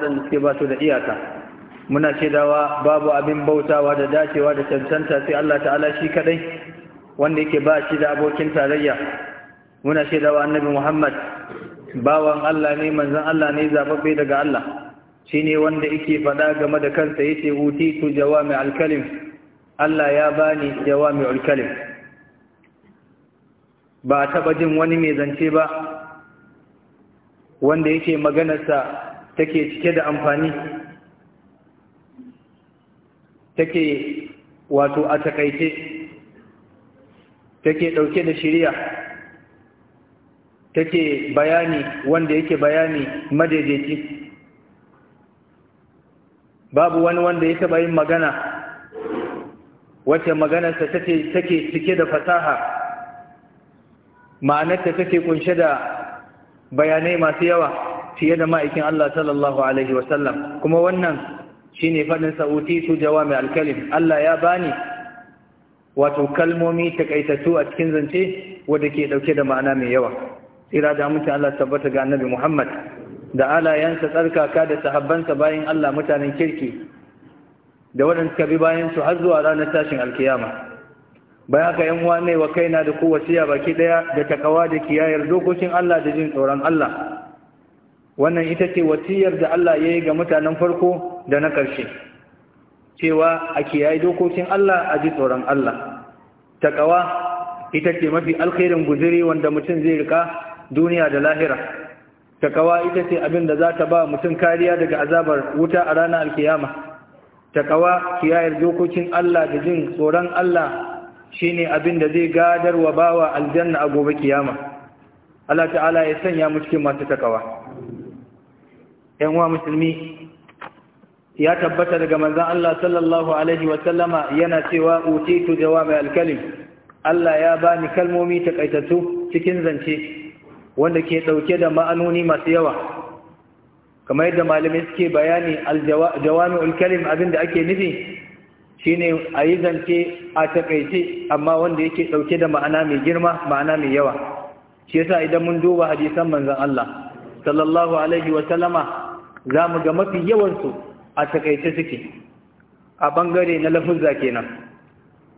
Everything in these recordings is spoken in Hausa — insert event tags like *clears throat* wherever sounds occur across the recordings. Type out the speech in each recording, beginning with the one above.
waɗanda suke ba su da iyaka muna shaidawa babu abin bautawa da dacewa da cancanta sai Allah ta'ala shi kaɗai, wanda yake ba shi da abokin tarayya muna shaidawa annabi Muhammad bawan Allah ne manzon Allah ne zababbe daga Allah shine wanda yake faɗa game da kansa yace tu jawami alkalim Allah ya bani jawami mai kalim ba taba jin wani mai zance ba wanda yake maganarsa take cike da amfani take wato a takaice take ɗauke da shirya take bayani wanda yake bayani madaidaici babu wani wanda ya taba yin magana wacce maganarsa take cike da fasaha ma'anarta take kunshe da bayanai masu yawa fiye da ma'aikin Allah sallallahu alaihi wasallam kuma wannan shine faɗin sauti su mai alkalim Allah ya bani wato kalmomi takaitattu a cikin zance wadda ke ɗauke da ma'ana mai yawa tsira da mutum Allah tabbata ga annabi Muhammad da alayansa tsarkaka da sahabbansa bayan Allah mutanen kirki da waɗanda suka bi bayan su har zuwa ranar tashin alkiyama bayan haka yan uwa ne wa kaina da kowace ya baki ɗaya da takawa da kiyayar dokokin Allah da jin tsoron Allah wannan ita ce wasiyar da Allah ya yi ga mutanen farko da na ƙarshe cewa a kiyaye dokokin Allah a ji tsoron Allah takawa ita ce mafi alkhairin guziri wanda mutum zai rika duniya da lahira takawa ita ce abin da za ta ba mutum kariya daga azabar wuta a ranar alkiyama takawa kiyayar dokokin Allah da jin tsoron Allah shine abin da zai gadar wa bawa aljanna a gobe kiyama Allah ta'ala ya sanya mu cikin masu takawa ‘yan wa musulmi ya tabbata daga manzan Allah sallallahu Alaihi wasallama yana cewa utitu mai alkalim Allah ya bani kalmomi takaitattu cikin zance wanda ke ɗauke da ma'anoni masu yawa kamar yadda malamai suke bayani aljawami abin abinda ake nufi shine a yi zance a takaice amma wanda yake ɗauke da ma'ana mai girma ma'ana mai yawa shi yasa idan mun duba hadisan manzan Allah sallallahu alaihi wasallama za mu ga mafi yawansu a takaice suke a bangare na lafuzza kenan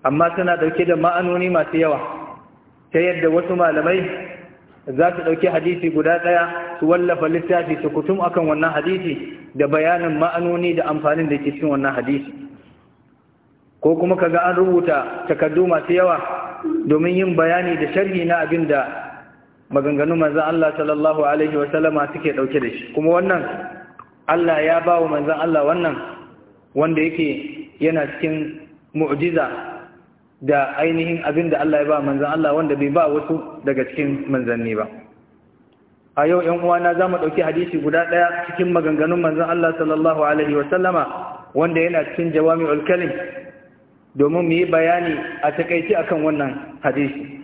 amma suna ɗauke da ma'anoni masu yawa ta yadda wasu malamai za su ɗauki hadisi guda ɗaya su wallafa littafi su kutum akan wannan hadisi da bayanin ma'anoni da amfanin da ke cikin wannan hadisi ko kuma kaga an rubuta takardu masu yawa domin yin bayani da sharhi na abin da maganganu manzon Allah sallallahu alaihi wa sallama suke ɗauke da shi kuma wannan Allah ya ba wa manzan Allah wannan wanda yake yana cikin mu'jiza da ainihin abin da Allah ya ba manzan Allah wanda bai ba wasu daga cikin manzanni ba a yau ‘yan uwana za mu ɗauki hadisi guda ɗaya cikin maganganun manzan Allah sallallahu Alaihi wasallama wanda yana cikin jawami ulkalin domin mu yi bayani a takaici akan wannan hadisi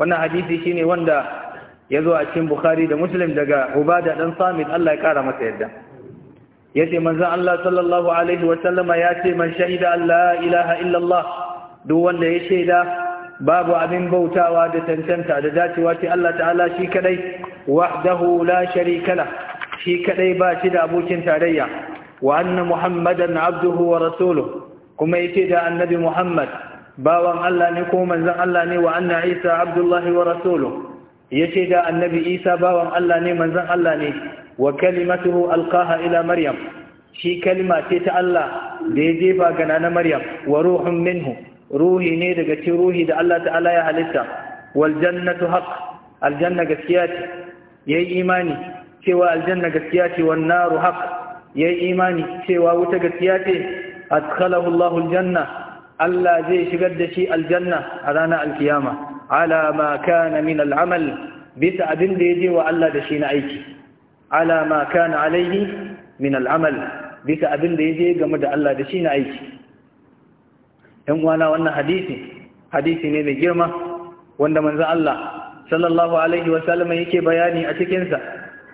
wannan hadisi ne wanda ya zo a cikin bukhari da muslim daga ubada dan samit Allah ya ƙara masa yadda yace manzon Allah sallallahu alaihi wa ya ce man shahida allah ilaha illa Allah duk wanda ya shaida babu abin bautawa da tantanta da dacewa ce Allah ta'ala shi kadai wahdahu la sharika la shi kadai ba shi da abokin tarayya wa anna muhammadan abduhu wa rasuluh kuma yace da annabi muhammad bawan Allah ne ko manzon Allah ne wa anna isa abdullahi wa rasuluh yace da annabi isa bawan Allah ne manzon Allah ne wa kalimatuhu alqaha ila maryam shi kalma ce ta Allah da ya jefa ga nana maryam wa ruhun minhu ruhi ne daga cikin ruhi da Allah ta'ala ya halitta wal jannatu haqq aljanna gaskiya ce yayi imani cewa aljanna gaskiya ce wan naru haqq yayi imani cewa wuta gaskiya ce adkhalahu Allahu aljanna Allah zai shigar da shi aljanna a ranar alkiyama ala ma kana min al'amal bisa abin da yaje wa Allah da shi na aiki ala ma kana alaihi min al'amal bisa abin da yaje game da Allah da shi na aiki ɗan uwana wannan hadisi hadisi ne mai girma wanda manzo Allah sallallahu alaihi wa sallam yake bayani a cikin sa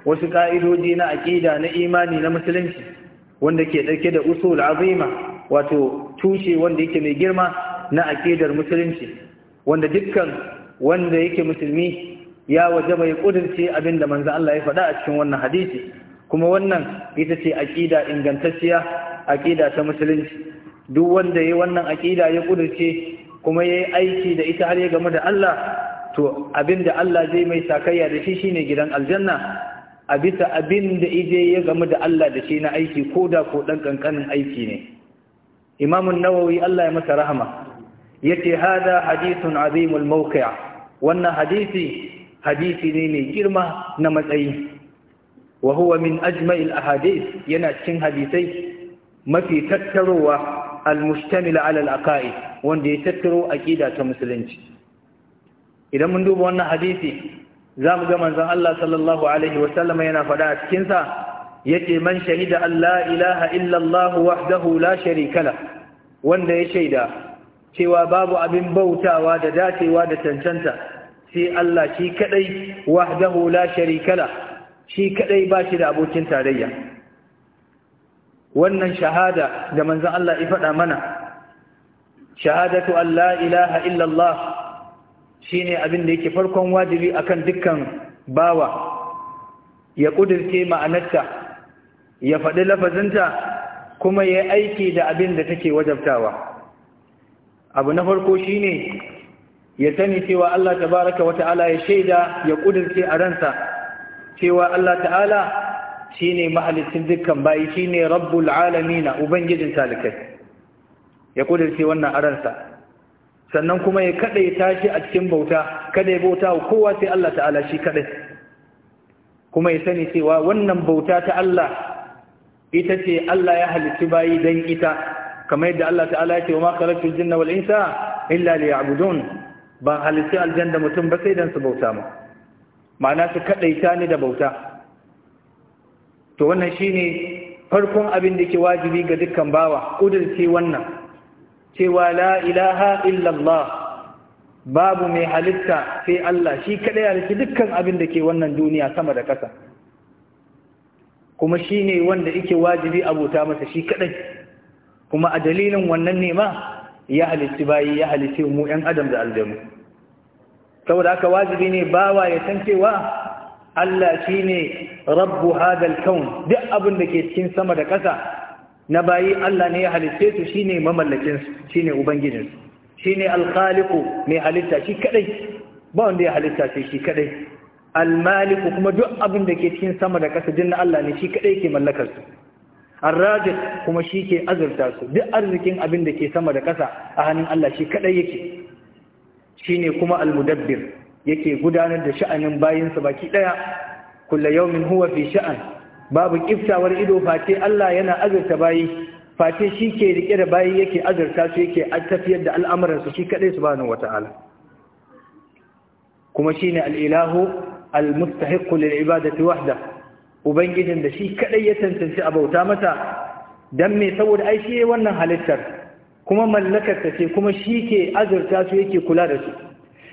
wasu ka'idoji na aqida na imani na musulunci wanda ke dauke da usul azima wato tushe wanda yake mai girma na aqidar musulunci wanda dukkan wanda yake musulmi ya waje bai kudirce abinda manzo Allah ya faɗa a cikin wannan hadisi kuma wannan ita ce aqida ingantacciya aqida ta musulunci duk wanda yayi wannan aqida ya kudirce kuma yayi aiki da ita har ya game da Allah to abinda Allah zai mai sakayya da shi shine gidan aljanna a bisa abinda ije ya game da Allah da shi na aiki ko da ko dan kankanin aiki ne Imamin nawawi Allah ya masa rahama yace hada hadithun azimul mawqi' wannan hadisi hadisi ne mai girma na matsayi wa huwa min ajma'il ahadith yana cikin hadisai mafi tattarowa al-mustamil ala al-aqaid wanda ya tattaro aqida ta musulunci idan mun duba wannan hadisi zamu ga manzon Allah sallallahu alaihi wa sallam yana faɗa a cikin sa yace man shahida an la ilaha illa Allah wahdahu la sharika la wanda ya shaida cewa babu abin bautawa da dacewa da cancanta sai Allah shi kadai wahdahu la sharika la shi kadai ba shi da abokin tarayya wannan shahada da manzon Allah ya faɗa mana shahadatu an la ilaha illa Allah shine abin da yake farkon wajibi akan dukkan bawa ya kudirce ma'anarta ya faɗi lafazinta kuma ya aiki da abin da take wajabtawa abu na farko shine ya sani cewa Allah tabaraka wa ta'ala ya shaida ya kudirce a ransa cewa Allah ta'ala ne mahalicin dukkan bayi ne rabbul alamin ubangijin talikai ya kudirce wannan a ransa sannan kuma ya kada ya tashi a cikin bauta kada ya bauta wa kowa sai Allah ta'ala shi kadai kuma ya sani cewa wannan bauta ta Allah ita ce Allah ya halicci bayi dan ita kamar yadda Allah ta'ala ya ce wa ma khalaqtul jinna wal insa illa liya'budun ban halitti aljanna mutum ba sai dan su bauta mu ma'ana su kadaita ni da bauta to wannan shine farkon abin da ke wajibi ga dukkan bawa ƙudurce wannan cewa la ilaha illallah babu mai halitta sai Allah shi kaɗai halitta dukkan abin da ke wannan duniya sama da ƙasa kuma shi ne wanda ike wajibi abota masa shi kaɗai kuma a dalilin wannan ne ma ya halitti bayi ya halitti mu ‘yan adam da aljanu saboda haka wajibi ne bawa ya san cewa Allah shi ne rabbu hadal kaun duk abin da ke cikin sama da ƙasa na bayi Allah ne ya halitte su shi ne su, shi ne ubangijinsu shi ne alkhaliku mai halitta shi kadai ba wanda ya halitta sai shi kadai almaliku kuma duk abin da ke cikin sama da ƙasa jinna Allah ne shi kadai ke mallakarsu arrajik kuma shi ke azurta su duk arzikin abin da ke sama da ƙasa a hannun Allah shi kaɗai yake shi ne kuma almudabbir yake gudanar da sha'anin bayinsa baki ɗaya yau yaumin huwa fi sha'an babu ƙiftawar ido face Allah yana azurta bayi face shi ke riƙe da bayi yake azurta su yake tafiyar da al'amuransu shi kaɗai su bani wata'ala kuma shi ne al'ilahu al-mustahiqqu lil ibadati wahda ubangijin da shi kadai ya tantance a bauta mata dan mai saboda aiki shi wannan halittar kuma mallakar ta ce kuma shi ke azurta su yake kula da su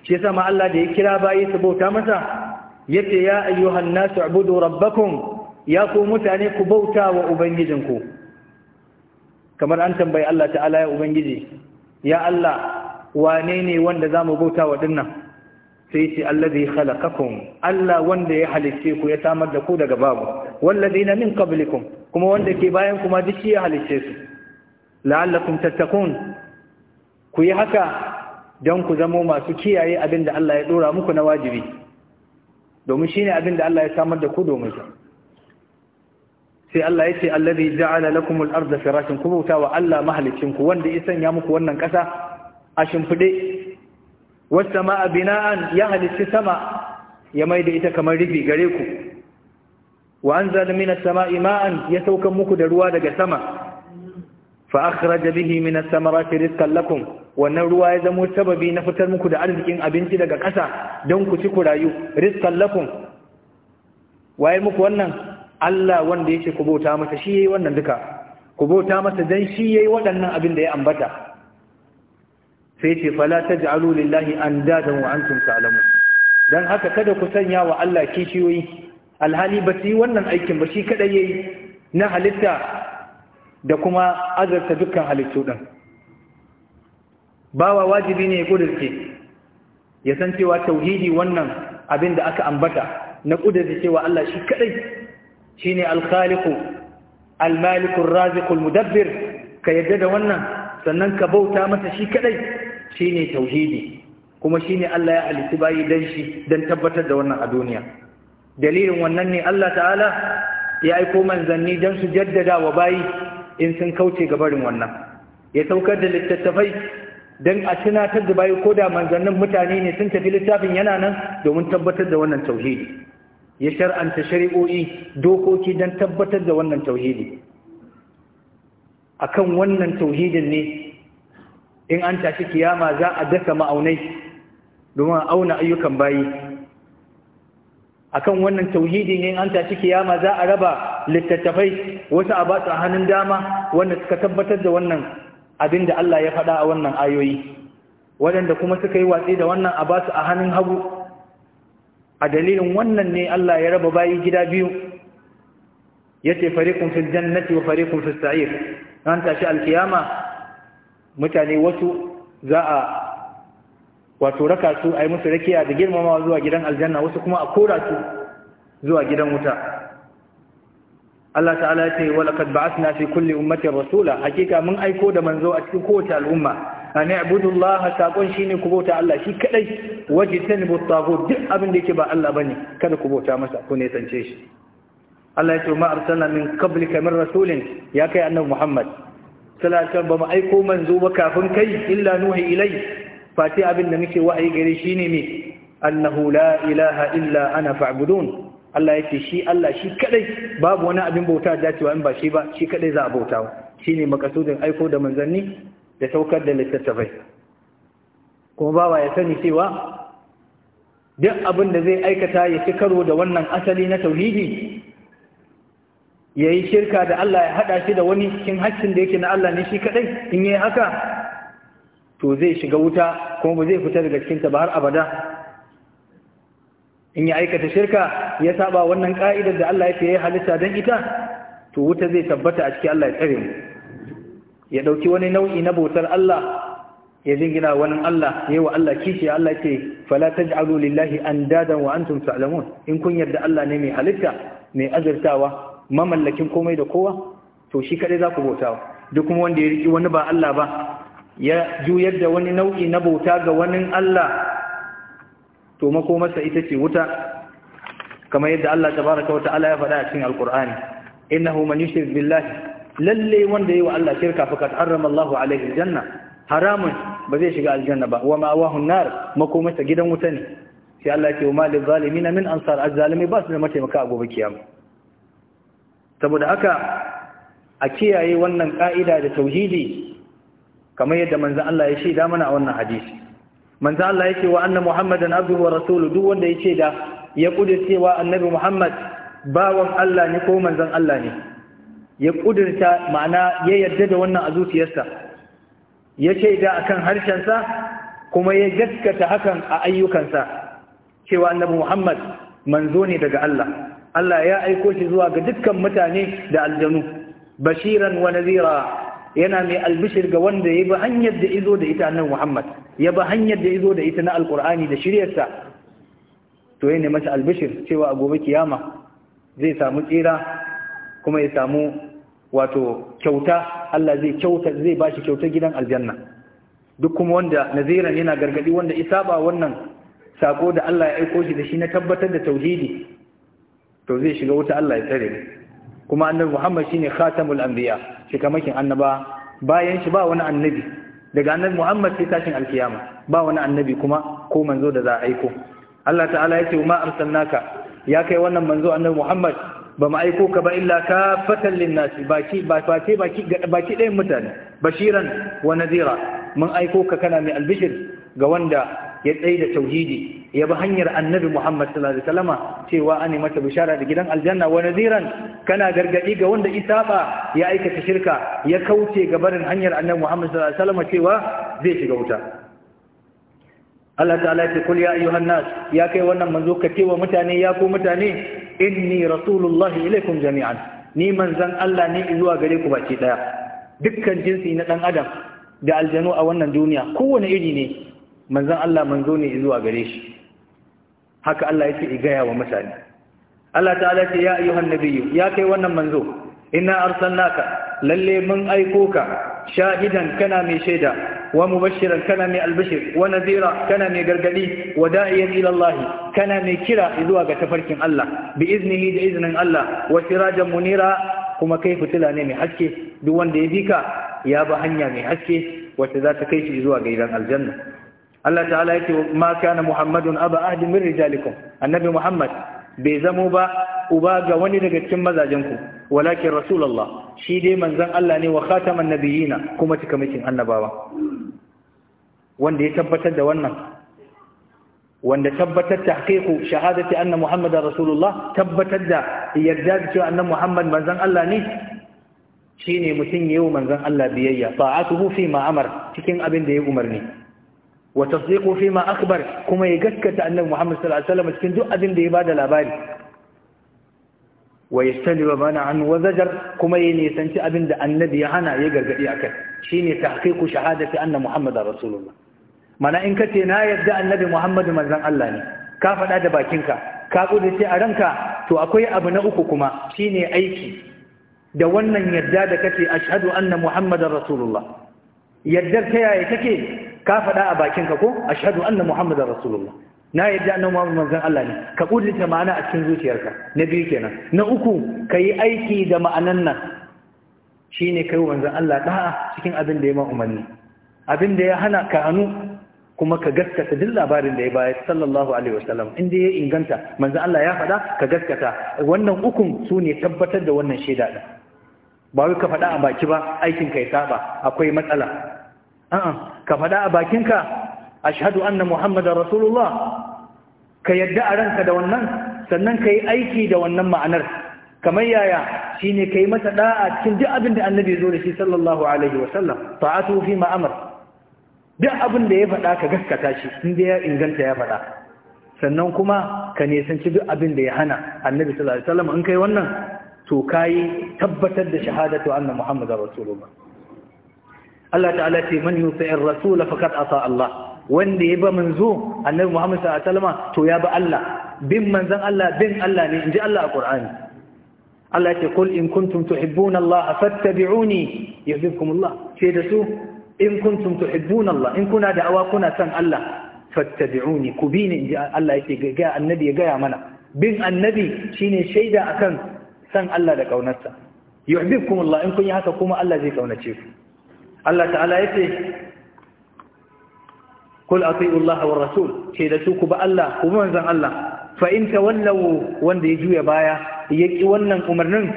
shi yasa ma Allah da ya kira bayi su bauta masa yace ya ayyuhan nasu Abudu rabbakun, ya ku mutane ku bauta wa ubangijinku kamar an tambayi Allah ta'ala ya ubangiji ya Allah wane ne wanda zamu bauta wa dinnan sai ce allazi khalaqakum Allah wanda ya halicce ku ya samar da ku daga babu wallazina min qablikum kuma wanda ke bayan kuma duk shi ya halicce su la'allakum tattaqun ku yi haka don ku zamo masu kiyaye abin da Allah ya dora muku na wajibi domin shine abin da Allah ya samar da ku domin sa sai Allah ya ce allazi ja'ala lakum al-ardha firashan kuma wa Allah mahalicin ku wanda ya sanya muku wannan kasa a shimfide wasu ma'a bina'an ya halitti sama ya mai da ita kamar rufi gare ku wa an zalmina sama ima'an ya saukan muku da ruwa daga sama fa kira bihi mina as-samarati riskan lakon, wannan ruwa ya zamo sababi na fitar muku da arzikin abinci daga ƙasa don ku ci ku rayu riskan lakon. waye muku wannan Allah wanda yake ku bauta masa shi yayi wannan duka ku bauta masa dan shi yayi waɗannan abin da ya ambata sai ce fala taj'alu lillahi andadan wa antum alamu dan haka kada ku sanya wa Allah kishiyoyi alhali ba su yi wannan aikin ba shi kadai yi na halitta da kuma azarta dukkan halittu din bawa wajibi ne ya kudirce ya san cewa tauhidi wannan abin da aka ambata na kudirce cewa Allah shi kadai shine ne khaliqu al-maliku mudabbir ka yadda da wannan sannan ka bauta masa shi kadai shine tauhidi kuma shine Allah ya alisi bayi dan shi don tabbatar da wannan a duniya dalilin wannan ne Allah ta'ala ya aiko manzanni dan su jaddada wa bayi in sun kauce ga barin wannan ya saukar da littattafai dan a tunatar da bayi da manzannin mutane ne sun tafi littafin yana nan domin tabbatar da wannan tauhidi ya shar'anta shari'o'i dokoki dan tabbatar da wannan tauhidi akan wannan tauhidin ne in an tashi kiyama za a dasa ma'aunai domin auna ayyukan bayi akan wannan tauhidin in an tashi kiyama za a raba littattafai wasu a basu a hannun dama wanda suka tabbatar da wannan abin da Allah ya faɗa a wannan ayoyi waɗanda kuma suka yi watsi da wannan a basu a hannun hagu a dalilin wannan ne Allah ya raba bayi gida biyu yace fariqun fil jannati wa fariqun fis sa'ir an tashi alkiyama mutane wasu za a wato raka su a yi musu rakiya da girmamawa zuwa gidan aljanna wasu kuma a kora su zuwa gidan wuta Allah ta'ala ya ce walaqad ba'athna fi kulli ummatin rasula hakika mun aiko da manzo a cikin kowace al'umma an ya'budu Allah taqon shine ku bauta Allah shi kadai wajtanibu at-taghut duk abin da yake ba Allah bane kada ku bauta masa ku ne sance shi Allah ya ce ma arsalna min qablika min rasulin ya kai annabi Muhammad Talatin ba mu aiko manzo ba kafin kai illa nuhi ilai fati abin da muke wa'ayi gare shi ne me annahu la ilaha illa ana fa'budun Allah yake shi Allah shi kadai babu wani abin bauta da cewa in ba shi ba shi kadai za a bauta shine makasudin aiko da manzanni da saukar da littattafai kuma bawa ya sani cewa duk abin da zai aikata ya ci karo da wannan asali na tauhidi ya yi shirka da Allah ya haɗa shi da wani cikin haƙƙin da yake na Allah ne shi kaɗai in yi haka to zai shiga wuta kuma ba zai fita daga cikinta ba har abada in ya aikata shirka ya saba wannan ƙa'idar da Allah ya ya halitta don ita to wuta zai tabbata a cikin Allah ya tsare mu ya ɗauki wani nau'i na bautar Allah ya jingina wani Allah ya yi wa Allah kishi Allah ce fala taj'alu lillahi an dadan wa antum sa'lamun in kun yarda Allah ne mai halitta mai azurtawa mamallakin komai da kowa to shi kadai za ku bauta duk kuma wanda ya riki wani ba Allah ba ya juyar da wani nau'i na bauta ga wani Allah to makomarsa ita ce wuta kamar yadda Allah tabaraka wa ta'ala ya faɗa a cikin alkur'ani innahu man yushrik billahi lalle wanda yayi wa Allah shirka fakat harrama Allahu alaihi janna haramun ba zai shiga aljanna ba wa ma'awahu nar makomarsa gidan wuta ne sai Allah ya ce wa ma zalimin min ansar az-zalimi ba su da mataimaka a gobe kiyama saboda haka a kiyaye wannan ka'ida da tauhidi kamar yadda manzo Allah ya shaida mana a wannan hadisi manzo Allah yake wa anna muhammadan abduhu wa rasuluhu duk wanda ya da ya wa annabi muhammad bawan Allah ne ko manzon Allah ne ya kudirta ma'ana ya yarda da wannan a zuciyarsa ya da akan harshensa kuma ya gaskata hakan a ayyukansa cewa annabi muhammad manzo ne daga Allah Allah ya aiko shi zuwa ga dukkan mutane da aljanu bashiran wa nazira yana mai albishir ga wanda ya bi hanyar da izo da ita nan Muhammad ya bi hanyar da izo da ita na alkur'ani da shiryarsa to yana masa albishir cewa a gobe kiyama zai samu tsira kuma ya samu wato kyauta Allah zai kyauta zai bashi kyauta gidan aljanna duk kuma wanda naziran yana gargadi wanda isaba wannan sako da Allah ya aiko shi da shi na tabbatar da tauhidi to zai shiga wuta Allah ya tsare kuma annabi Muhammad shine khatamul anbiya shikamakin annaba bayan shi ba wani annabi daga annabi Muhammad sai tashin alkiyama ba wani annabi kuma ko manzo da za a aiko Allah ta'ala ya ce ma arsalnaka ya kai wannan manzo annabi Muhammad ba mu aiko ka ba illa kafatan linnasi baki baki baki baki ɗayan mutane bashiran wa nadira mun aiko ka kana mai albishir ga wanda ya tsaye da tauhidi ya bi hanyar annabi Muhammad sallallahu alaihi wasallama cewa an yi mata bishara da gidan aljanna wa nadiran kana gargadi ga wanda isaba ya aikata shirka ya kauce ga barin hanyar annabi Muhammad sallallahu alaihi wasallama cewa zai shiga wuta Allah ta'ala ya ce kul ya ayyuhan nas ya kai wannan manzo ka wa mutane ya ku mutane inni rasulullahi ilaikum jami'an ni manzon Allah ne zuwa gare ku baki daya dukkan jinsi na dan adam da aljanu a wannan duniya kowane iri ne manzan Allah manzo ne zuwa gare shi haka Allah yake igaya wa mutane Allah ta'ala ce ya ayyuhan nabiyyu ya kai wannan manzo inna arsalnaka lalle mun aiko ka shahidan kana mai shaida wa mubashiran kana mai albashir wa nadira kana mai gargadi wa da'iyan ila Allah kana mai kira zuwa ga tafarkin Allah bi iznihi da iznin Allah wa sirajan munira kuma kai fitila ne mai haske duk wanda ya bi ka ya ba hanya mai haske wacce za ta kai shi zuwa ga gidan aljanna Allah ta'ala yake ma kana Muhammadun aba ahdi min rijalikum annabi Muhammad bai zamo ba uba ga wani daga cikin mazajen ku walakin rasulullah shi dai manzon Allah ne wa khataman nabiyina kuma cikamakin annabawa wanda ya tabbatar da wannan wanda tabbatar tahqiqu shahadati anna muhammadar rasulullah tabbatar da yarda da cewa annan muhammad manzon Allah ne shine mutun yayin manzon Allah biyayya ta'atuhu fi ma'amar cikin abin da ya umarni wa tasdiqu fi ma akhbar kuma ya gaskata annabi Muhammad sallallahu alaihi wasallam cikin duk abin da ya bada labari wa yastaliba bana an wa zajar kuma ya nisanci abin da annabi ya hana ya gargadi akai shine tahqiqu shahadati anna Muhammadar rasulullah mana in kace na yadda annabi Muhammad manzon Allah ne ka faɗa da bakinka ka kudace a ranka to akwai abu na uku kuma shine aiki da wannan yadda da kace ashhadu anna Muhammadar rasulullah yaddar ta yaya kake ka faɗa a bakinka ko ashhadu anna muhammadar rasulullah na yadda annabi Muhammad manzan Allah ne ka kudinta ma'ana a cikin zuciyarka na biyu kenan na uku ka yi aiki da ma'anan nan shine kai manzan Allah da'a cikin abin da ya ma umarni abin da ya hana ka hannu kuma ka gaskata duk labarin da ya bayar sallallahu alaihi wasallam in dai ya inganta manzan Allah ya faɗa ka gaskata wannan ukun su ne tabbatar da wannan shaida da. ba wai ka faɗa a baki ba aikin ka ya saba akwai matsala a'a ka faɗa a bakinka ashhadu anna Muhammadu rasulullah ka yadda a ranka da wannan sannan ka yi aiki da wannan ma'anar kamar yaya shine ka yi mata da'a cikin duk abin da annabi zo da shi sallallahu alaihi wasallam ta'atu fi ma'amar duk abin da ya faɗa ka gaskata shi inda ya inganta ya faɗa sannan kuma ka nisanci duk abin da ya hana annabi sallallahu alaihi wasallam in kai wannan to kayi tabbatar da shahadatu anna muhammadar rasulullah Allah ta'ala ce man yusa'ir rasul faqad asa Allah wanda ya ba manzo annabi Muhammad sallallahu alaihi wasallam to ya ba Allah bin manzon Allah bin Allah ne inji Allah a Qur'ani Allah ya ce qul in kuntum tuhibbuna Allah fattabi'uni yuhibbukum Allah sai da su in kuntum tuhibbuna Allah in kuna da awa kuna san Allah fattabi'uni ku bi ni inji Allah ya yake ga annabi ya gaya mana bin annabi shine shaida akan san Allah da kaunarsa yuhibbukum Allah in kun yi haka kuma Allah zai kaunace ku Allah ta'ala ya ce kul ati'u Allah wa rasul ce da su ku ba Allah ku manzan Allah fa in wanda ya juya baya ya ki wannan umarnin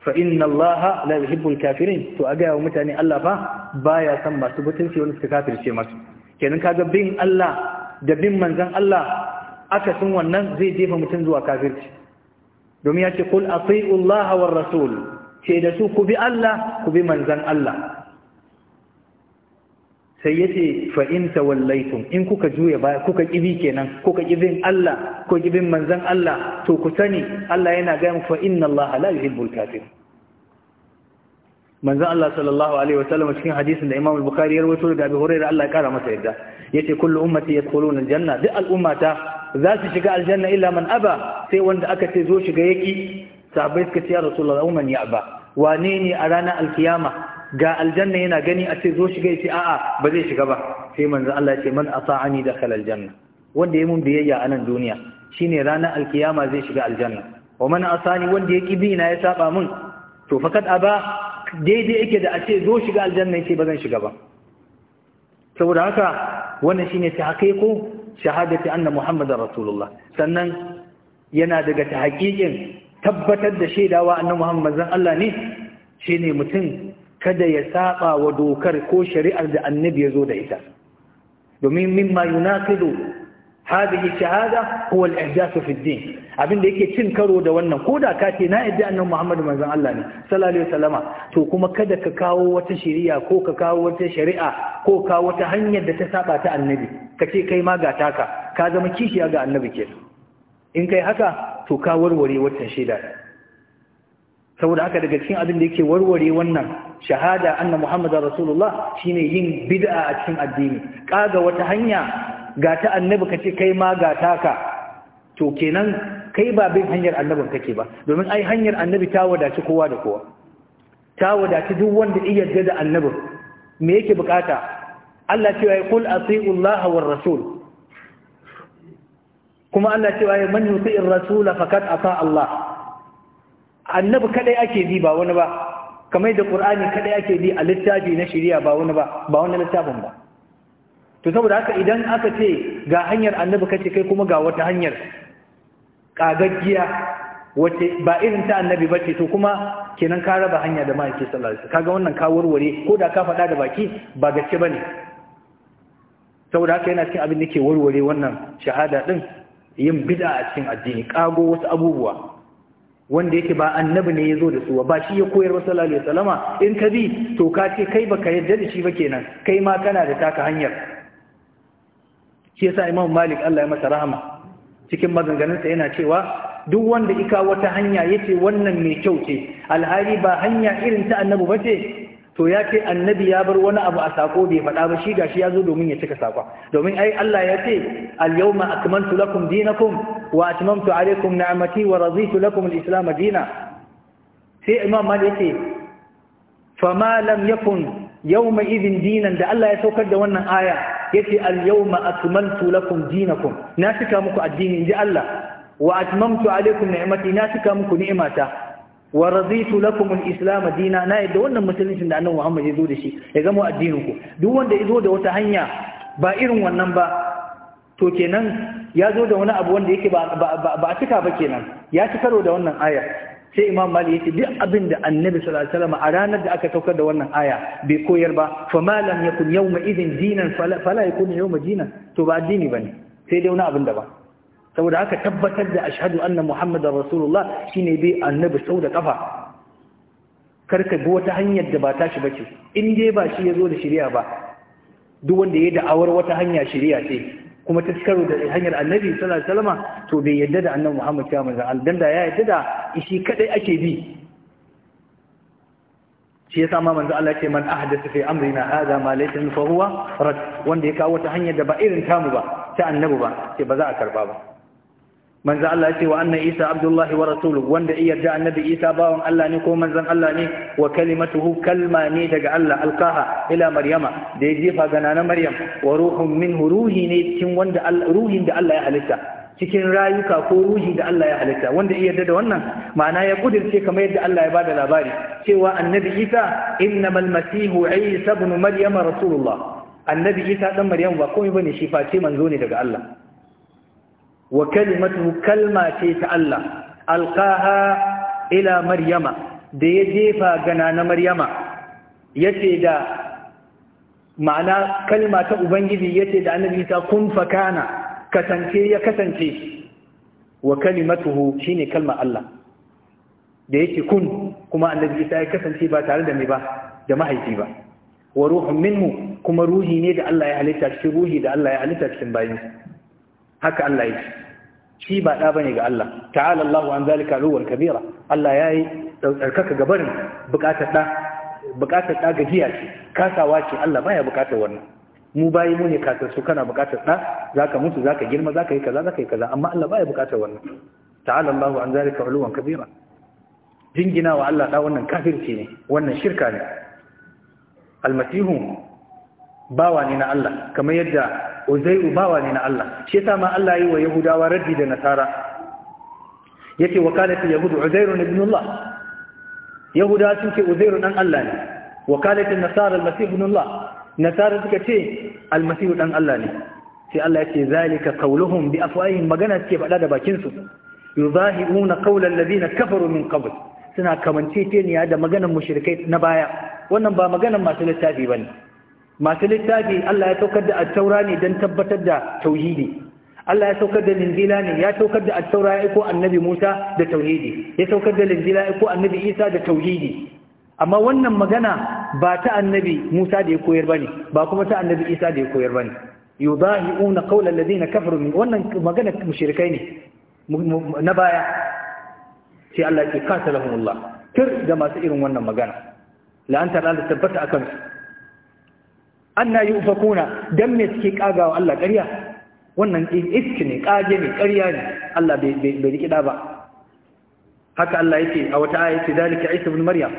fa inna Allah la yuhibbul kafirin to aga wa mutane Allah fa baya san masu butunci wani suka kafirce masu kenan kaga bin Allah da bin manzan Allah aka sun wannan zai jefa mutum zuwa kafirci domin ya ce kul ati'u Allah wa rasul ce da su ku bi Allah ku bi manzan Allah sai ya ce in tawallaitum in kuka juya baya kuka ƙibi kenan kuka ƙibin Allah ko ƙibin manzan Allah to ku sani Allah yana ga fa inna Allah la yuhibbul kafir manzon Allah sallallahu alaihi wa cikin hadisin da Imam Bukhari ya rawaito daga Abu Hurairah Allah ya kara masa yadda yace kullu ummati na aljanna duk al'ummata za su shiga aljanna illa man aba sai wanda aka ce zo shiga yaƙi sahabbai suka ce ya rasulullah umman ya aba wane ne a ranar alkiyama ga aljanna yana gani a ce zo shiga ya ce a'a ba zai shiga ba sai manzo Allah ya ce man da dakhala aljanna wanda ya mun biyayya a nan duniya shine ranar alkiyama zai shiga aljanna wa man asani wanda ya bi na ya saba mun to fakat aba daidai yake da a ce zo shiga aljanna yake ba zan shiga ba saboda haka wannan shine tahqiqu shahadati anna muhammadar rasulullah sannan yana daga hakikin tabbatar da shaidawa annabi muhammad zan Allah ne shine mutum kada ya saba wa dokar ko shari'ar da annabi ya zo da ita domin mimma yunaqidu hadhihi shahada huwa al ihdath fi din abin da yake cin karo da wannan koda ka ce na yadda annabi Muhammad manzon Allah ne sallallahu alaihi wasallama to kuma kada ka kawo wata shari'a ko ka kawo wata shari'a ko ka wata hanyar da ta saba ta annabi ka ce kai ma ga taka ka zama kishiya ga annabi ke in kai haka to ka warware wata shaida saboda haka daga cikin abin da yake warware wannan shahada anna muhammadu rasulullah shine yin bid'a a cikin addini kaga wata hanya ga ta annabi kace kai ma ga taka to kenan kai ba bin hanyar annabin kake ba domin ai hanyar annabi ta wadaci kowa da kowa ta wadaci duk wanda iya yarda da annabin me yake bukata Allah cewa ya kul asiullaha war rasul kuma Allah cewa man yuti ar-rasul faqad ata Allah annabi kadai ake bi ba wani ba kamar da qur'ani kadai ake bi a littafi na shari'a ba wani ba ba wani littafin ba to saboda haka idan aka ce ga hanyar annabi kace kai kuma ga wata hanyar kagaggiya wace ba irin ta annabi ba ce to kuma kenan ka raba hanya da ma'aiki sallallahu alaihi wasallam kaga wannan ka warware ko da ka faɗa da baki ba gaske bane saboda haka yana cikin abin da ke warware wannan shahada din yin bid'a a cikin addini kago wasu abubuwa wanda yake ba annabi ne ya zo da su ba shi ya koyar wasu lalai salama in ka bi to ka ce kai baka yadda da shi ba kenan kai ma kana da taka hanyar shi yasa imam malik allah ya masa rahama cikin maganganunsa yana cewa duk wanda ika wata hanya yace wannan mai kyau ce alhali ba hanya irin ta annabi ba ce to ya ce annabi ya bar wani abu a sako bai faɗa ba shi shi ya zo domin ya cika sakon domin ai Allah ya ce al-yawma akmaltu lakum dinakum wa atmamtu alaykum ni'mati wa raditu lakum al-islam dina sai imam malik yace fama lam yakun yawma idhin dinan da Allah ya saukar da wannan aya yace al-yawma akmaltu lakum dinakum na cika muku addini inji Allah wa atmamtu alaykum ni'mati na cika muku ni'imata wa raditu lakum al-islam dina na yadda wannan musulunci da annabi Muhammad ya zo da shi ya zama addinin ku duk wanda ya zo da wata hanya ba irin wannan ba to kenan ya zo da wani abu wanda yake ba a cika ba kenan ya ci karo da wannan aya sai imam mali yace duk abin da annabi sallallahu alaihi wasallam a ranar da aka saukar da wannan aya bai koyar ba fa ma lam yakun yawma idin dinan fala yakun yawma dinan to ba addini bane sai dai wani abin da ba saboda haka tabbatar da ashhadu anna muhammadar rasulullah ne bai annabi sau da kafa karka bi wata hanyar da ba tashi bace in dai ba shi zo da shirya ba duk wanda ya yi da'awar wata hanya shirya ce kuma ta karo da hanyar annabi sallallahu alaihi wasallam to bai yadda da annabi muhammad ya manzo aldan da ya yadda da shi kadai ake bi shi yasa ma manzo Allah ce man ahdatha fi amrina hadha ma laysa fa huwa rad wanda ya kawo wata hanyar da ba irin tamu ba ta annabi ba sai ba za a karba ba manzo Allah ya ce wa anna Isa abdullahi wa rasuluhu wanda iya da annabi Isa bawan Allah ne ko manzon Allah ne wa kalimatuhu kalma ne daga Allah alqaha ila maryama da ya jefa ga nana maryam wa ruhun minhu ruhi ne cikin wanda ruhin da Allah ya halitta cikin rayuka ko ruhi da Allah ya halitta wanda iya da wannan ma'ana ya kudirce kamar yadda Allah ya bada labari cewa annabi Isa innamal masihu Isa ibn maryama rasulullah annabi Isa dan maryam ba komai bane shi face manzo ne daga Allah wa kalimatu kalma ce ta Allah alqaha ila maryama da ya jefa gana na maryama yace da ma'ana kalma ta ubangiji yace da annabi ta kun fakana kasance ya kasance wa kalimatuhu shine kalma Allah da yake kun kuma annabi ta ya kasance ba tare da mai ba da mahaifi ba wa ruhun minhu kuma ruhi ne da Allah ya halitta cikin ruhi da Allah ya halitta cikin bayin haka Allah yake shi ba ɗa bane ga Allah ta'ala Allahu an zalika ruwan kabira Allah yayi tsarkaka gabarin buƙatar ɗa buƙatar ɗa gajiya ce kasawa ce Allah baya buƙatar wannan mu bayi mu ne kasar su kana buƙatar ɗa zaka mutu zaka girma zaka yi kaza zaka yi kaza amma Allah baya buƙatar wannan ta'ala Allahu an zalika ruwan kabira jingina wa Allah ɗa wannan kafirci ne wannan shirka ne almasihu bawa ne na Allah kamar yadda uzairu bawa ne na Allah shi yasa ma Allah yi wa yahudawa raddi da nasara yace wakalatu Yahudu uzair ibn Allah yahuda sun ce uzair dan Allah ne wakalatu nasara al-masih ibn Allah nasara suka ce al-masih dan Allah ne sai Allah yace zalika qawluhum bi afwahihim magana suke faɗa da bakin su yuzahiruna qawla alladhina kafaru min qabl suna kamanceceniya da maganar mushrikai na baya wannan ba maganar masu littafi bane masu littafi Allah ya saukar da attaura ne don tabbatar da tauhidi Allah ya saukar da linjila ne ya saukar da attaura ya annabi Musa da tauhidi ya saukar da linjila ya aiko annabi Isa da tauhidi amma wannan magana ba ta annabi Musa da ya koyar bane ba kuma ta annabi Isa da ya koyar bane yudahi'una qawla alladhina kafaru min wannan magana mushrikai ne na baya sai Allah ya katalahumullah kir da masu irin wannan magana la'anta Allah tabbata akan su yi ufakuna don me suke kagawa Allah ƙarya wannan iski ne ƙage ne ƙarya ne Allah bai rikida ba haka Allah yake a wata aya ce zalika Isa ibn Maryam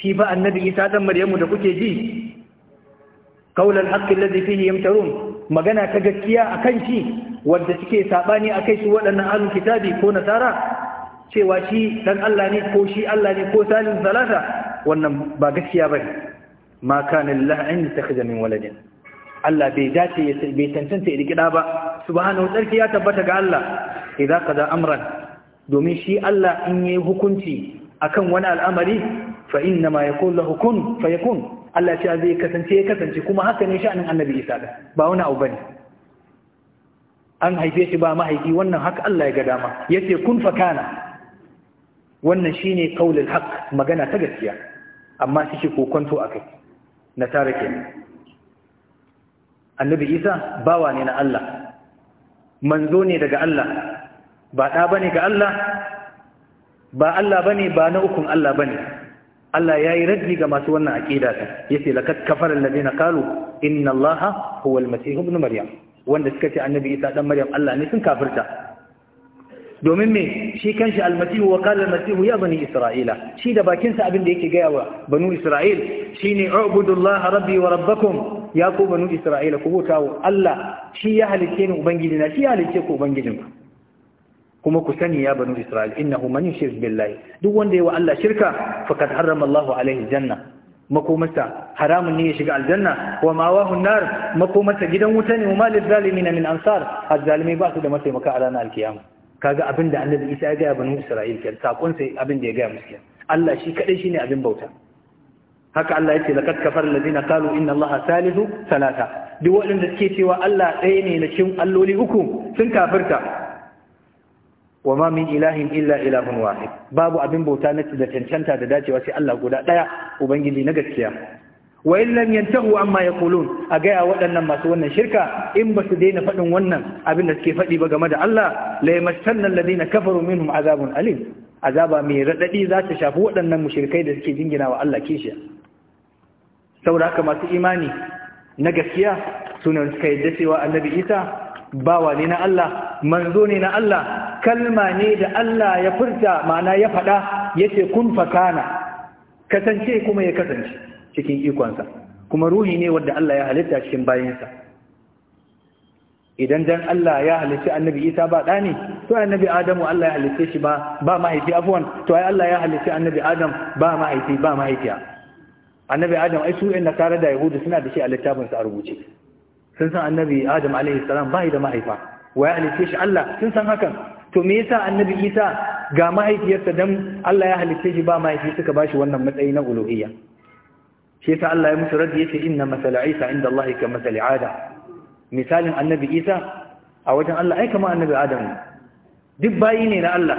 shi fa annabi Isa dan Maryamu da kuke ji qaulan haqqi alladhi fihi yamtarun magana ta gaskiya akan shi wanda suke sabani akai su waɗannan ahlul kitabi ko nasara cewa shi dan Allah ne ko shi Allah ne ko salin salata wannan ba gaskiya bane ma kana lillahi an yattakhidha min waladin Allah bai dace bai tantance irgida ba subhanahu tsarki ya tabbata ga Allah idza kaza amran domin shi Allah in yayi hukunci akan wani al'amari fa inna ma yaqulu lahu kun fayakun Allah ce zai kasance ya kasance kuma haka ne sha'anin annabi Isa da ba wani abu bane an haife shi ba mahaifi wannan haka Allah ya ga dama yace kun fa kana wannan shine qaulul haqq magana ta gaskiya amma shi kokonto akai na tare annabi isa bawa ne na Allah manzo ne daga Allah ba ɗa bane ga Allah ba Allah bane ba na ukun Allah bane Allah ya yi raddi ga masu wannan aƙida ta ya ce lakat kafarar ladina kalu inna allaha huwal masih ibn maryam wanda suka ce annabi isa dan maryam Allah ne sun kafirta domin me shi kanshi almasihu wa qala almasihu ya bani isra'ila shi da bakinsa abin da yake gaya wa banu isra'il shine ubudullaha rabbi wa rabbakum ya ku banu isra'ila ku bauta Allah shi ya halice ni ubangiji na shi ya halice ku ubangijin ku kuma ku sani ya banu isra'il innahu man yushrik billahi duk wanda yayi wa Allah shirka faqad harrama Allahu alaihi janna makomarsa haramun ne ya shiga aljanna wa mawahun nar makomarsa gidan wuta ne wa malil zalimin min ansar azzalimai ba su da mataimaka a ranar alkiyama kaga abin da annabi isa ya gaya banu isra'il kenan sakon sai abin da ya gaya musu Allah shi kadai shine abin bauta haka Allah yace laqad kafara alladhina qalu inna allaha salihu salata duk waɗanda suke cewa Allah ɗaya ne na cikin alloli uku sun kafirta wama min ilahin illa ilahun wahid babu abin bauta na da cancanta da dacewa sai Allah guda ɗaya ubangiji na gaskiya wa in lam yantahu amma yaqulun a ga waɗannan masu wannan shirka in ba su daina faɗin wannan abin da suke faɗi ba game da Allah la yamassanna alladhina kafaru minhum azabun alim azaba mai radadi za ta shafi waɗannan mushrikai da suke jingina wa Allah kishiya saboda haka masu imani na gaskiya sunan suka yadda cewa annabi Isa bawa ne na Allah manzo ne na Allah kalma ne da Allah ya furta ma'ana ya faɗa yace kun fakana kasance kuma ya kasance cikin ikonsa kuma ruhi ne wanda Allah ya halitta cikin bayansa idan dan Allah ya halitta annabi Isa ba da ne to annabi Adamu Allah ya halitta shi ba ba mahaifi afwan to ai Allah ya halitta annabi Adam ba mahaifi ba mahaifiya annabi Adam ai su inda kare da Yahudu suna da shi a littafin su a rubuce sun san annabi Adam alaihi salam ba da mahaifa wa ya halitta shi Allah sun san hakan to me yasa annabi Isa ga mahaifiyarsa dan Allah ya halitta shi ba mahaifi suka bashi wannan matsayi na uluhiyya shi yasa Allah ya musu raddi yace inna masal Isa inda Allah ka masali Adam misalin annabi Isa a wajen Allah ai kamar annabi Adam duk bayi ne na Allah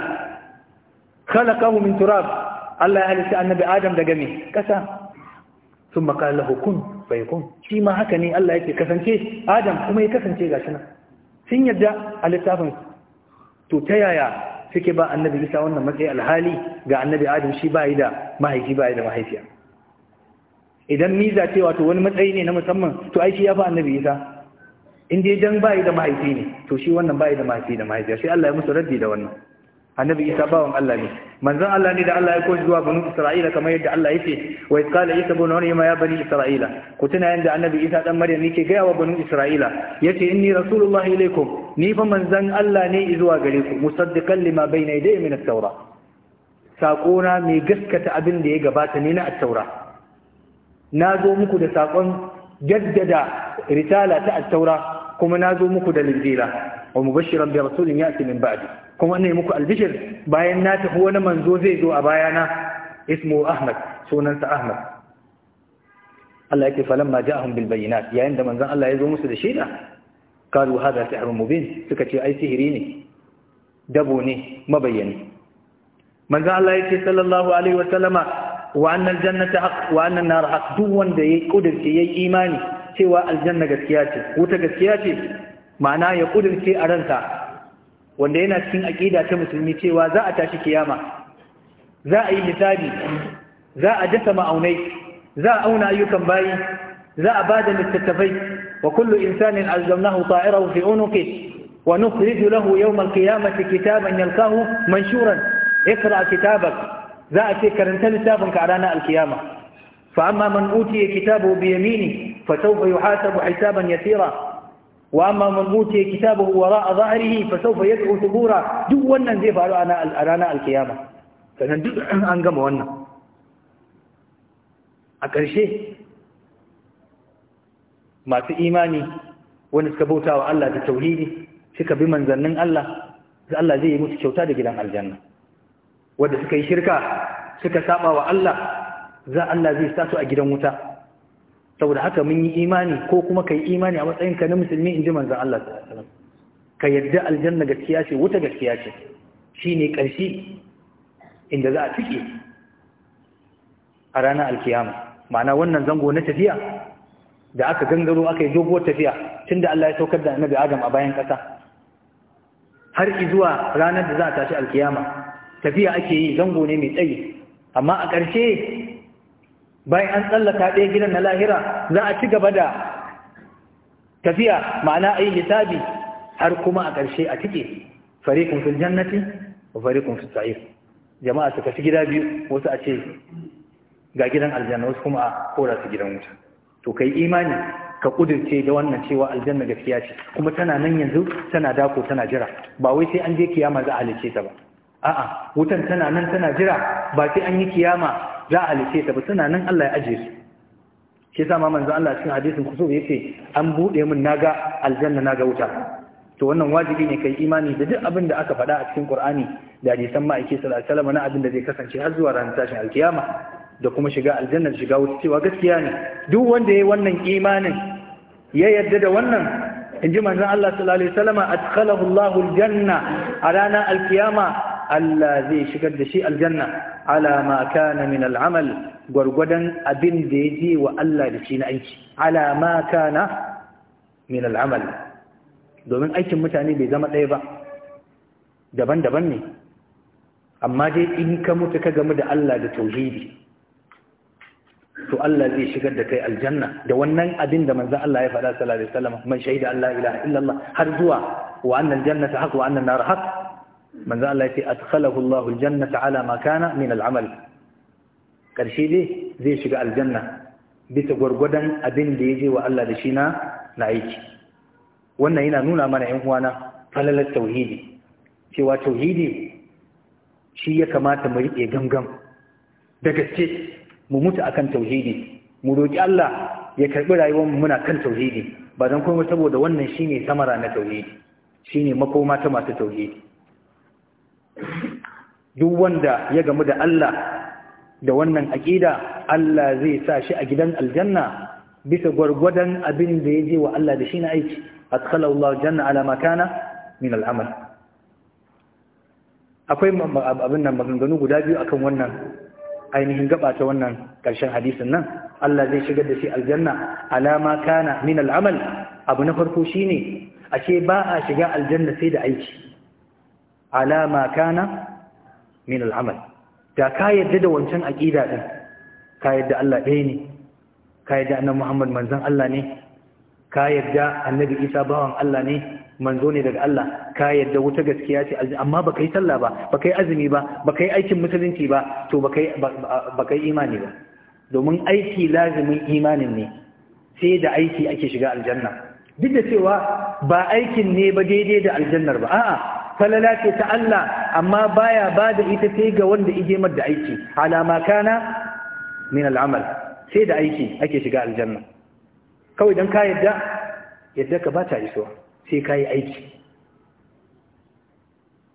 khalaqahu min turab Allah ya halitta annabi Adam daga me kasa thumma qala lahu kun fayakun shi ma haka ne Allah yake kasance Adam kuma ya kasance gashi nan sun yadda a littafin to ta yaya suke ba annabi Isa wannan matsayi alhali ga annabi Adam shi bai da mahaifi bai da mahaifiya idan miza ce wato wani matsayi ne na musamman to aiki ya fi annabi isa inda ya dan bai da mahaifi ne to shi wannan bai da mahaifi da mahaifi sai Allah ya musu raddi da wannan annabi isa bawan Allah ne manzon Allah ne da Allah ya koyi zuwa banu isra'ila kamar yadda Allah yake wa qala isa ibn maryam ya bani isra'ila ku tuna yanda annabi isa dan maryam yake gaya wa banu isra'ila yace inni rasulullahi ilaikum ni fa manzon Allah ne zuwa gare ku musaddiqan lima bayna yadayhi min at-taura sakona mai gaskata abin da ya gabata ne na at-taura na zo muku da saƙon jaddada risala ta attaura kuma na zo muku da linjila wa mubashiran bi rasulin ya'ti min ba'di kuma ne muku albishir bayan na tafi wani manzo zai zo a bayana ismu ahmad sunansa ahmad Allah yake falamma ja'ahum bil bayyinat yayin da manzon Allah ya zo musu da shaida kalu hada sihrun mubin suka ce ai sihiri ne dabo ne mabayyani manzon Allah yake sallallahu alaihi wa sallama وأن الجنة أق وأن النار أقدون ده يقدر شيء إيماني سوى الجنة كسياتي وتكسياتي معناه يقدر شيء أرنتا وندينا سين أكيد أتمسلمي سوى ذا أتاشي كياما ذا أي مثالي ذا أجسم أوني ذا أون أيكم باي ذا أبادا التتفي وكل إنسان ألزمناه طائره في أنقه ونخرج له يوم القيامة كتابا يلقاه منشورا اقرأ كتابك za a ce karanta littafin a ranar alkiyama fa amma man utiya kitabu bi yamini fa sawfa yuhasabu hisaban yasira wa amma man utiya kitabahu wara'a dhahrihi fa sawfa yad'u thubura duk wannan zai faru a ranar alkiyama sannan duk *clears throat* an gama wannan a ƙarshe masu imani wani suka bauta wa Allah da tauhidi suka bi manzannin Allah da Allah zai yi musu kyauta da gidan aljanna Wadda suka yi shirka suka saba wa Allah za Allah zai sa su a gidan wuta saboda haka mun yi imani ko kuma kai imani a matsayin ka na musulmi inji manzon Allah sallallahu alaihi wasallam ka yarda aljanna gaskiya ce wuta gaskiya ce shine ƙarshe inda za a tike a ranar alkiyama ma'ana wannan zango na tafiya da aka gangaro aka yi doguwar tafiya tunda Allah ya saukar da annabi Adam a bayan ƙasa har zuwa ranar da za a tashi alkiyama tafiya ake yi zango ne mai tsayi amma a ƙarshe bayan an tsallaka ɗaya gidan na lahira za a ci gaba da tafiya ma'ana a yi lissabi har kuma a ƙarshe a tike farikun fil jannati wa fari fil sa'ir jama'a su kasu gida biyu wasu a ce ga gidan aljanna wasu kuma a kora su gidan wuta to kai imani ka kudirce da wannan cewa aljanna gaskiya ce kuma tana nan yanzu tana dako tana jira ba wai sai an je kiyama za a halice ta ba a'a wutan tana nan tana jira ba sai an yi kiyama za a halice ta ba tana nan Allah ya aje su shi yasa ma manzo Allah cikin hadisin kusur yace an bude min naga aljanna naga wuta to wannan wajibi ne kai imani da duk abin da aka faɗa a cikin Qur'ani da hadisan ake sallallahu alaihi wasallam na abin da zai kasance har zuwa ranar tashin alkiyama da kuma shiga aljanna shiga wuta cewa gaskiya ne duk wanda yayi wannan imanin ya yarda da wannan in ji manzon Allah sallallahu alaihi wasallam adkhalahu Allahu aljanna a ranar alkiyama Allah zai shigar da shi aljanna ala ma kana min al'amal gwargwadon abin da ya je wa Allah da shi na aiki ala ma kana min al'amal domin aikin mutane bai zama ɗaya ba daban-daban ne amma dai in ka mutu ka gamu da Allah da tauhidi to Allah zai shigar da kai aljanna da wannan abin da manzon Allah ya faɗa sallallahu alaihi wasallam man shahida Allah ilaha illallah har zuwa wa annal jannata haq wa annan nar haq manzo Allah yace adkhalahu Allahu aljannata ala ma kana min al'amal karshe dai zai shiga aljanna bisa gwargwadon abin da je wa Allah da shi na aiki wannan yana nuna mana 'yan uwana falalar tauhidi cewa tauhidi shi ya kamata mu riƙe gangan da gaske mu mutu akan tauhidi mu roƙi Allah ya karɓi rayuwar mu muna kan tauhidi ba don kuma saboda wannan shine samara na tauhidi shine makoma ta masu tauhidi duk wanda ya gamu da Allah da wannan aƙida Allah zai sa shi a gidan aljanna bisa gwargwadon abin da ya je wa Allah da shi na aiki tsakalar Allah janna ala makana min al'amal akwai abin nan maganganu guda biyu akan wannan ainihin gaba ta wannan ƙarshen hadisin nan Allah zai shigar da shi aljanna alamakana makana min al'amal abu na farko shi shine ashe ba a shiga aljanna sai da aiki alama kana min al'amal da ka yadda da wancan aqida din, ka yadda Allah ɗaya ne ka yadda annabi Muhammad manzon Allah ne ka yadda annabi Isa bawan Allah ne manzo ne daga Allah ka yadda wuta gaskiya ce amma baka yi sallah ba baka yi azumi ba baka yi aikin musulunci ba to baka yi baka yi imani ba domin aiki lazimin imanin ne sai da aiki ake shiga aljanna duk da cewa ba aikin ne ba daidai da aljannar ba a'a falala ce ta Allah amma baya ba da ita sai ga wanda ije da aiki alama kana min al'amal sai da aiki ake shiga aljanna kawai don ka yadda yadda ka ba ta iso sai ka yi aiki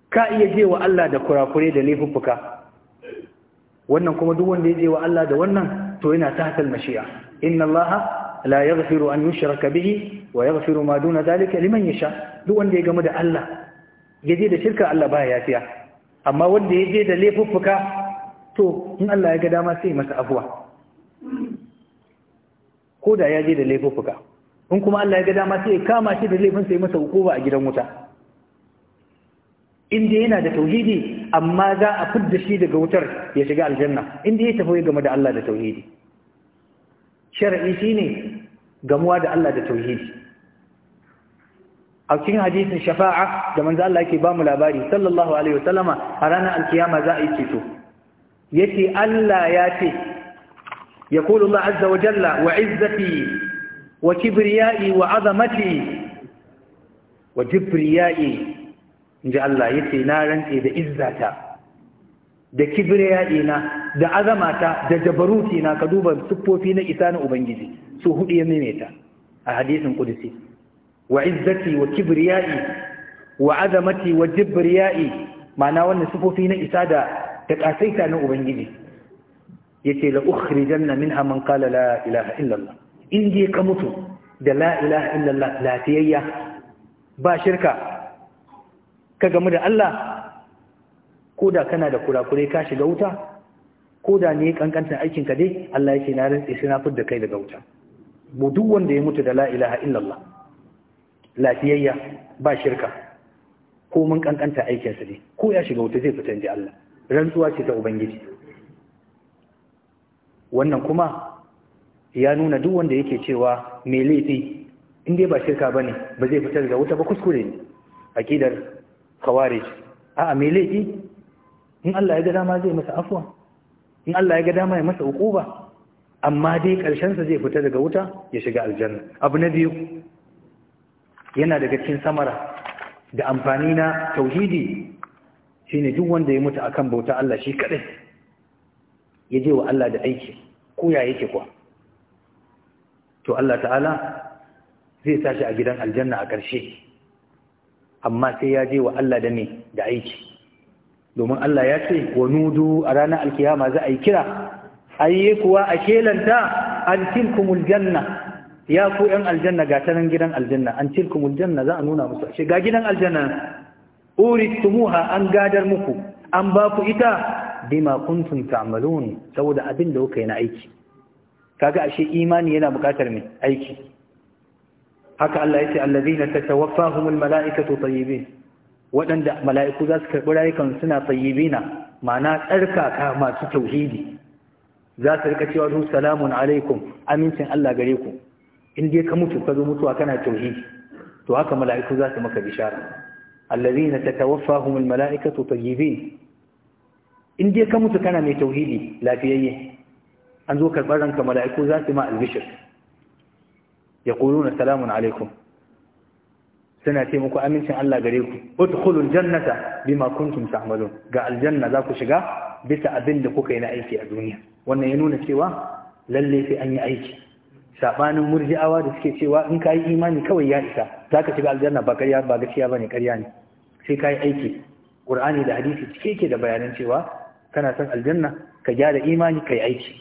ka iya je wa Allah da kurakure da laifuffuka wannan kuma duk wanda ya je wa Allah da wannan to yana tahtal mashi'a inna Allah la yaghfiru an yushraka bihi wa yaghfiru ma duna dhalika liman yasha duk wanda ya gamu da Allah ya je da shirka Allah ba ya fiya amma wanda ya je da laifuffuka to in Allah ya ga dama sai masa afuwa ko da ya je da laifuffuka in kuma Allah ya ga dama sai ya kama shi da laifin sai masa hukuma a gidan wuta inda yana da tauhidi amma za a fidda shi daga wutar ya shiga aljanna inda ya tafi game da Allah da tauhidi shar'i shine gamuwa da Allah da tauhidi a cikin hadisin shafa'a da manzo Allah yake ba mu labari sallallahu alaihi wasallama a ranar alkiyama za a yi ceto yace Allah ya ce يقول الله عز وجل وعزتي وكبريائي وعظمتي وجبريائي إن جاء الله يتي نارا na rantse da kibriya'ina da azamata da na ka duba siffofi na isa na ubangiji su hudu ya maimaita a hadisin kudusi وعزتي وكبريائي وعظمتي وجبريائي معنى وانا سفوفين إسادة تكاسيت أنا أبنجي يتي لأخرجن منها من قال لا إله إلا الله إنجي كمتو دا لا إله إلا الله لا تيئيا با شركة كجمد الله كودا كان دا كورا كوري كاشي دوتا ko da ne kankantar aikinka dai Allah yake na rantsi sai na fidda kai daga wuta mu duk wanda ya mutu da la ilaha illallah lafiyayya ba shirka ko mun kankanta aikinsa ne ko ya shiga wuta zai fita ji Allah rantsuwa ce ta ubangiji wannan kuma ya nuna duk wanda yake cewa mai laifi in dai ba shirka bane ba zai fita daga wuta ba kuskure ne akidar khawarij a'a mai laifi in Allah ya ga dama zai masa afwa in Allah ya ga dama ya masa uquba amma dai karshen sa zai fita daga wuta ya shiga aljanna abu na biyu yana daga cikin samara da amfani na tauhidi shi ne duk wanda ya mutu akan bauta Allah shi kaɗai, ya je wa Allah da aiki ko ya yake kuwa to Allah ta'ala zai tashi a gidan aljanna a ƙarshe amma sai ya je wa Allah da ne da aiki domin Allah ya ce wa nudu a ranar alkiyama za a yi kira ayi kuwa a kelanta an tilkumul janna ya ku yan aljanna ga gidan aljanna an tilkumul janna za a nuna musu Shiga ga gidan aljanna uritumuha an gadar muku an ba ku ita bima kuntum ta'malun saboda abin da kuka yi na aiki kaga ashe imani yana bukatar mai aiki haka Allah yace allazina tatawaffahumul malaikatu tayyibin waɗanda mala'iku za su karɓi rayukan suna tayyibina ma'ana tsarkaka masu tauhidi za su rika cewa salamun alaikum amincin Allah gare ku in dai ka mutu ka zo mutuwa kana tauhidi to haka mala'iku za su maka bishara allazina tatawaffahum almala'ikatu tayyibin in dai ka mutu kana mai tauhidi lafiyayye an zo karɓar ranka mala'iku za su ma albishir yaquluna salamun alaikum suna ce muku amincin Allah gare ku udkhulul jannata bima kuntum ta'malun ga aljanna za ku shiga bisa abin da kuka yi na aiki a duniya wannan ya nuna cewa lalle sai an yi aiki sabanin murji'awa da suke cewa in ka yi imani kawai ya isa za ka shiga aljanna ba ƙarya ba gaskiya ba ne ƙarya ne sai ka yi aiki ƙur'ani da hadisi cike yake da bayanan cewa kana son aljanna ka gyara imani ka yi aiki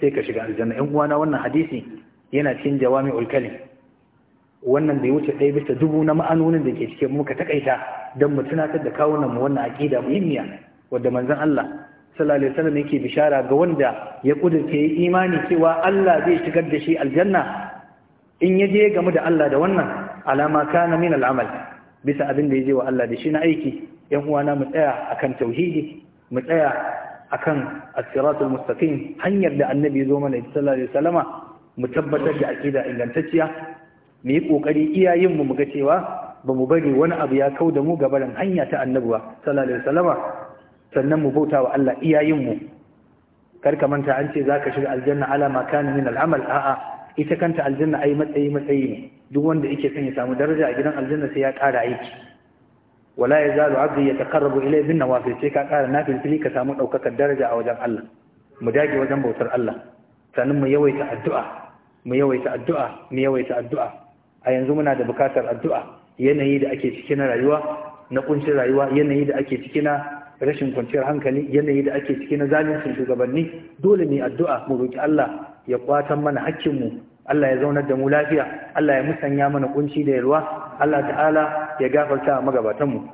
sai ka shiga aljanna ƴan uwana wannan hadisi yana cikin jawami ulkalim wannan bai wuce ɗaya bisa dubu na ma'anonin da ke cikin muka takaita don mu tunatar da kawunan mu wannan aƙida muhimmiya wadda manzon Allah sallallahu alaihi wasallam yake bishara ga wanda ya kudurce yi imani cewa Allah zai shigar da shi aljanna in ya je game da Allah da wannan alama kana min al'amal bisa abin da ya je wa Allah da shi na aiki yan uwana mu tsaya akan tauhidi mu tsaya akan as-siratul mustaqim hanyar da annabi zo mana sallallahu alaihi wasallama mu tabbatar da aqida ingantacciya mu yi kokari iyayen mu muga cewa ba mu bari wani abu ya kau da mu gabaran hanya ta annabuwa sallallahu alaihi wasallama sannan mu bauta wa Allah iyayinmu. mu karka manta an ce zaka shiga aljanna ala ma kana min al'amal a'a ita kanta aljanna ai matsayi matsayi ne duk wanda yake son ya samu daraja a gidan aljanna sai ya ƙara aiki wala ya yazalu abdi yataqarrabu ilayhi bin nawafil sai ka ƙara nafil fili ka samu ɗaukakar daraja a wajen Allah mu dage wajen bautar Allah sannan mu yawaita addu'a mu yawaita addu'a mu yawaita addu'a a yanzu muna da bukatar addu'a yanayi da ake ciki na rayuwa na kuncin rayuwa yanayi da ake ciki na rashin kwanciyar hankali yanayi da ake ciki na zalincin shugabanni dole ne addu'a mu roki Allah ya kwatan mana hakkinmu Allah ya zaunar da mu lafiya Allah ya musanya mana kunci da yalwa Allah ta'ala ya gafarta magabatanmu mu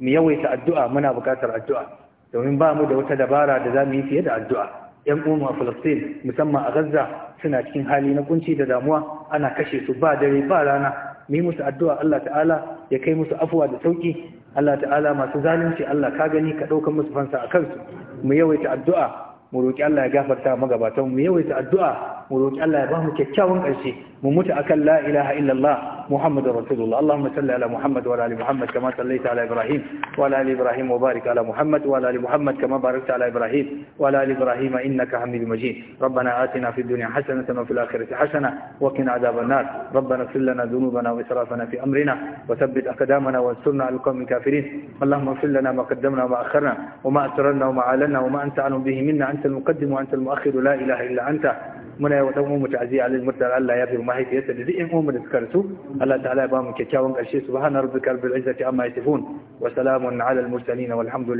mu yawaita addu'a muna bukatar addu'a domin ba mu da wata dabara da za mu yi fiye da addu'a yan uwa a Falastin musamman a Gaza suna cikin hali na kunci da damuwa ana kashe su ba dare ba rana mu yi musu addu'a Allah ta'ala ya kai musu afuwa da sauki Allah ta'ala masu zalunci Allah ka gani ka ɗaukar musu fansa a kansu mu yawaita addu'a mu roki Allah ya gafarta magabatan mu yawaita addu'a mu roki Allah ya ba mu kyakkyawan karshe mu mutu akan la ilaha illallah muhammadur rasulullah allahumma salli ala muhammad wa ali muhammad kama sallaita ala ibrahim wa ala ali ibrahim wa barik ala muhammad wa ala ali muhammad kama barakta ala ibrahim wa ala ali ibrahim innaka hamid majid rabbana atina fid dunya hasanatan wa fil akhirati hasana wa qina adhaban nar rabbana ighfir lana dhunubana wa israfana fi amrina wa thabbit aqdamana wansurna ala alqawmi kafirin allahumma ighfir lana ma qaddamna wa ma akharna wa ma asrarna wa ma alanna wa ma anta alim bihi minna antal muqaddim wa antal muakhir la ilaha illa anta muna yi wa dan umu ta'ziya alal Allah ya fi mahaifiyarsa da zai umu da suka rasu Allah ta'ala ya ba mu kyakkyawan karshe subhana rabbika rabbil izzati amma yasifun wa salamun alal mursalin walhamdulillah